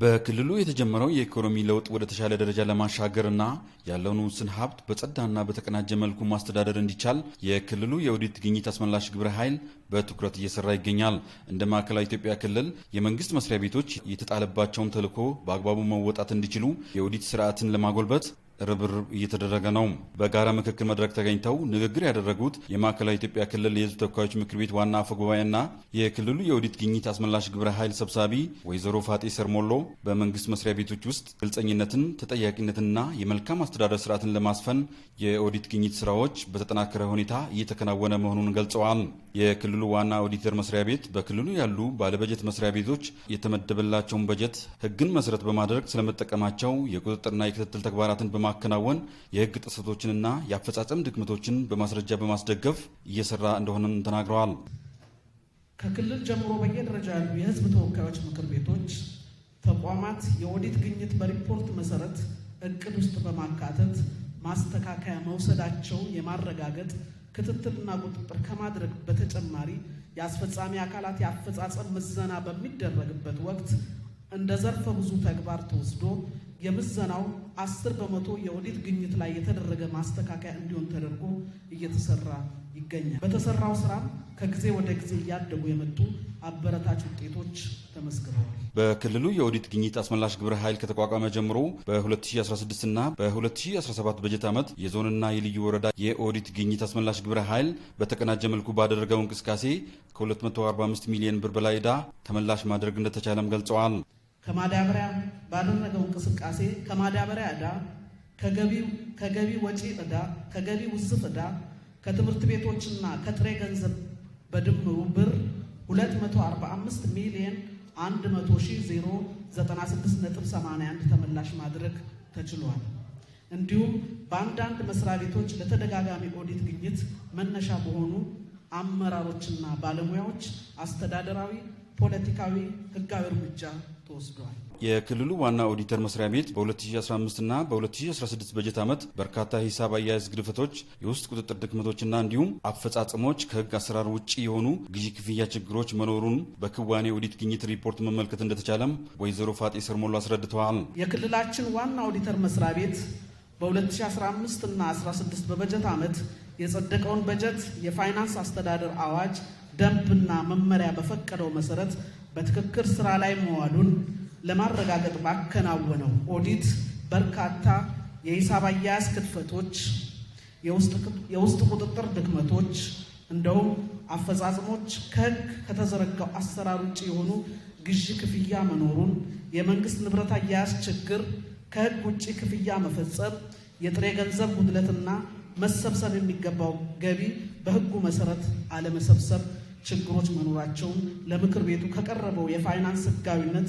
በክልሉ የተጀመረው የኢኮኖሚ ለውጥ ወደ ተሻለ ደረጃ ለማሻገርና ያለውን ውስን ሀብት በጸዳና በተቀናጀ መልኩ ማስተዳደር እንዲቻል የክልሉ የኦዲት ግኝት አስመላሽ ግብረ ኃይል በትኩረት እየሰራ ይገኛል። እንደ ማዕከላዊ ኢትዮጵያ ክልል የመንግስት መስሪያ ቤቶች የተጣለባቸውን ተልዕኮ በአግባቡ መወጣት እንዲችሉ የኦዲት ስርዓትን ለማጎልበት ርብርብ እየተደረገ ነው። በጋራ ምክክር መድረክ ተገኝተው ንግግር ያደረጉት የማዕከላዊ ኢትዮጵያ ክልል የህዝብ ተወካዮች ምክር ቤት ዋና አፈ ጉባኤና የክልሉ የኦዲት ግኝት አስመላሽ ግብረ ኃይል ሰብሳቢ ወይዘሮ ፋጤ ሰርሞሎ በመንግስት መስሪያ ቤቶች ውስጥ ግልጸኝነትን፣ ተጠያቂነትንና የመልካም አስተዳደር ስርዓትን ለማስፈን የኦዲት ግኝት ስራዎች በተጠናከረ ሁኔታ እየተከናወነ መሆኑን ገልጸዋል። የክልሉ ዋና ኦዲተር መስሪያ ቤት በክልሉ ያሉ ባለበጀት መስሪያ ቤቶች የተመደበላቸውን በጀት ህግን መሰረት በማድረግ ስለመጠቀማቸው የቁጥጥርና የክትትል ተግባራትን በማ በማከናወን የህግ ጥሰቶችንና የአፈጻጸም ድክመቶችን በማስረጃ በማስደገፍ እየሰራ እንደሆነም ተናግረዋል። ከክልል ጀምሮ በየደረጃ ያሉ የህዝብ ተወካዮች ምክር ቤቶች ተቋማት የኦዲት ግኝት በሪፖርት መሰረት እቅድ ውስጥ በማካተት ማስተካከያ መውሰዳቸው የማረጋገጥ ክትትልና ቁጥጥር ከማድረግ በተጨማሪ የአስፈጻሚ አካላት የአፈጻጸም ምዘና በሚደረግበት ወቅት እንደ ዘርፈ ብዙ ተግባር ተወስዶ የምዘናው አስር በመቶ የኦዲት ግኝት ላይ የተደረገ ማስተካከያ እንዲሆን ተደርጎ እየተሰራ ይገኛል። በተሰራው ስራ ከጊዜ ወደ ጊዜ እያደጉ የመጡ አበረታች ውጤቶች ተመዝግበዋል። በክልሉ የኦዲት ግኝት አስመላሽ ግብረ ኃይል ከተቋቋመ ጀምሮ በ2016 እና በ2017 በጀት ዓመት የዞንና የልዩ ወረዳ የኦዲት ግኝት አስመላሽ ግብረ ኃይል በተቀናጀ መልኩ ባደረገው እንቅስቃሴ ከ245 ሚሊዮን ብር በላይ ዕዳ ተመላሽ ማድረግ እንደተቻለም ገልጸዋል። ከማዳበሪያ ባደረገው እንቅስቃሴ ከማዳበሪያ ዕዳ፣ ከገቢ ወጪ ዕዳ፣ ከገቢ ውስፍ ዕዳ፣ ከትምህርት ቤቶችና ከጥሬ ገንዘብ በድምሩ ብር 245 ሚሊዮን 100,096.81 ተመላሽ ማድረግ ተችሏል። እንዲሁም በአንዳንድ መስሪያ ቤቶች ለተደጋጋሚ ኦዲት ግኝት መነሻ በሆኑ አመራሮችና ባለሙያዎች አስተዳደራዊ፣ ፖለቲካዊ፣ ህጋዊ እርምጃ ተወስዷል። የክልሉ ዋና ኦዲተር መስሪያ ቤት በ2015 እና በ2016 በጀት ዓመት በርካታ ሂሳብ አያያዝ ግድፈቶች፣ የውስጥ ቁጥጥር ድክመቶችና እንዲሁም አፈጻጽሞች ከህግ አሰራር ውጭ የሆኑ ግዢ ክፍያ ችግሮች መኖሩን በክዋኔ ኦዲት ግኝት ሪፖርት መመልከት እንደተቻለም ወይዘሮ ፋጤ ስርሞሎ አስረድተዋል። የክልላችን ዋና ኦዲተር መስሪያ ቤት በ2015 እና 16 በበጀት ዓመት የጸደቀውን በጀት የፋይናንስ አስተዳደር አዋጅ ደንብና መመሪያ በፈቀደው መሰረት በትክክል ስራ ላይ መዋሉን ለማረጋገጥ ባከናወነው ኦዲት በርካታ የሂሳብ አያያዝ ክፍተቶች፣ የውስጥ ቁጥጥር ድክመቶች እንደውም አፈጻጽሞች ከህግ ከተዘረጋው አሰራር ውጭ የሆኑ ግዢ ክፍያ መኖሩን፣ የመንግስት ንብረት አያያዝ ችግር፣ ከህግ ውጭ ክፍያ መፈጸም፣ የጥሬ ገንዘብ ጉድለትና መሰብሰብ የሚገባው ገቢ በህጉ መሰረት አለመሰብሰብ ችግሮች መኖራቸውን ለምክር ቤቱ ከቀረበው የፋይናንስ ህጋዊነት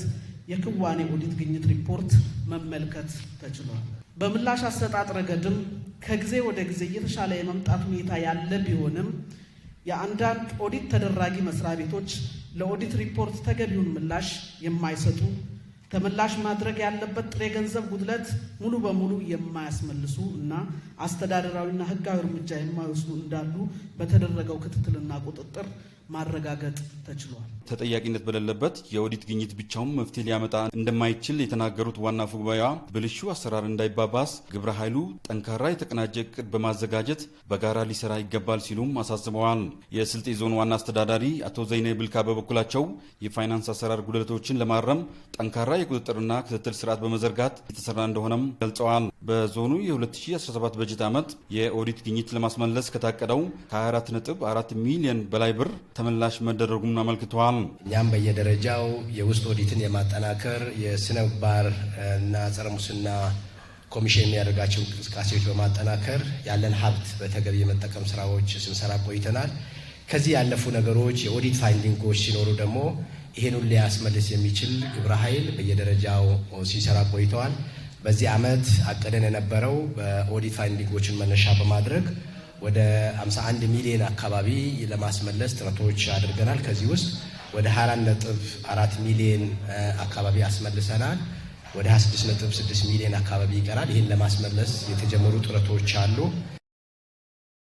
የክዋኔ ኦዲት ግኝት ሪፖርት መመልከት ተችሏል። በምላሽ አሰጣጥ ረገድም ከጊዜ ወደ ጊዜ እየተሻለ የመምጣት ሁኔታ ያለ ቢሆንም የአንዳንድ ኦዲት ተደራጊ መስሪያ ቤቶች ለኦዲት ሪፖርት ተገቢውን ምላሽ የማይሰጡ ተመላሽ ማድረግ ያለበት ጥሬ ገንዘብ ጉድለት ሙሉ በሙሉ የማያስመልሱ እና አስተዳደራዊና ሕጋዊ እርምጃ የማይወስዱ እንዳሉ በተደረገው ክትትልና ቁጥጥር ማረጋገጥ ተችሏል። ተጠያቂነት በሌለበት የኦዲት ግኝት ብቻውን መፍትሄ ሊያመጣ እንደማይችል የተናገሩት ዋና አፈ ጉባኤዋ ብልሹ አሰራር እንዳይባባስ ግብረ ኃይሉ ጠንካራ የተቀናጀ እቅድ በማዘጋጀት በጋራ ሊሰራ ይገባል ሲሉም አሳስበዋል። የስልጤ ዞን ዋና አስተዳዳሪ አቶ ዘይኔ ብልካ በበኩላቸው የፋይናንስ አሰራር ጉድለቶችን ለማረም ጠንካራ ጠንካራ የቁጥጥርና ክትትል ስርዓት በመዘርጋት የተሰራ እንደሆነም ገልጸዋል። በዞኑ የ2017 በጀት ዓመት የኦዲት ግኝት ለማስመለስ ከታቀደው ከ 4 ሚሊዮን በላይ ብር ተመላሽ መደረጉም አመልክተዋል። እኛም በየደረጃው የውስጥ ኦዲትን የማጠናከር የስነ ምግባር እና ጸረ ሙስና ኮሚሽን የሚያደርጋቸው እንቅስቃሴዎች በማጠናከር ያለን ሀብት በተገቢ የመጠቀም ስራዎች ስንሰራ ቆይተናል። ከዚህ ያለፉ ነገሮች የኦዲት ፋይንዲንጎች ሲኖሩ ደግሞ ይህን ሁሉ ሊያስመልስ የሚችል ግብረ ኃይል በየደረጃው ሲሰራ ቆይተዋል። በዚህ ዓመት አቅደን የነበረው በኦዲት ፋይንዲንጎችን መነሻ በማድረግ ወደ 51 ሚሊዮን አካባቢ ለማስመለስ ጥረቶች አድርገናል። ከዚህ ውስጥ ወደ 24.4 ሚሊዮን አካባቢ አስመልሰናል። ወደ 26.6 ሚሊዮን አካባቢ ይቀራል። ይህን ለማስመለስ የተጀመሩ ጥረቶች አሉ።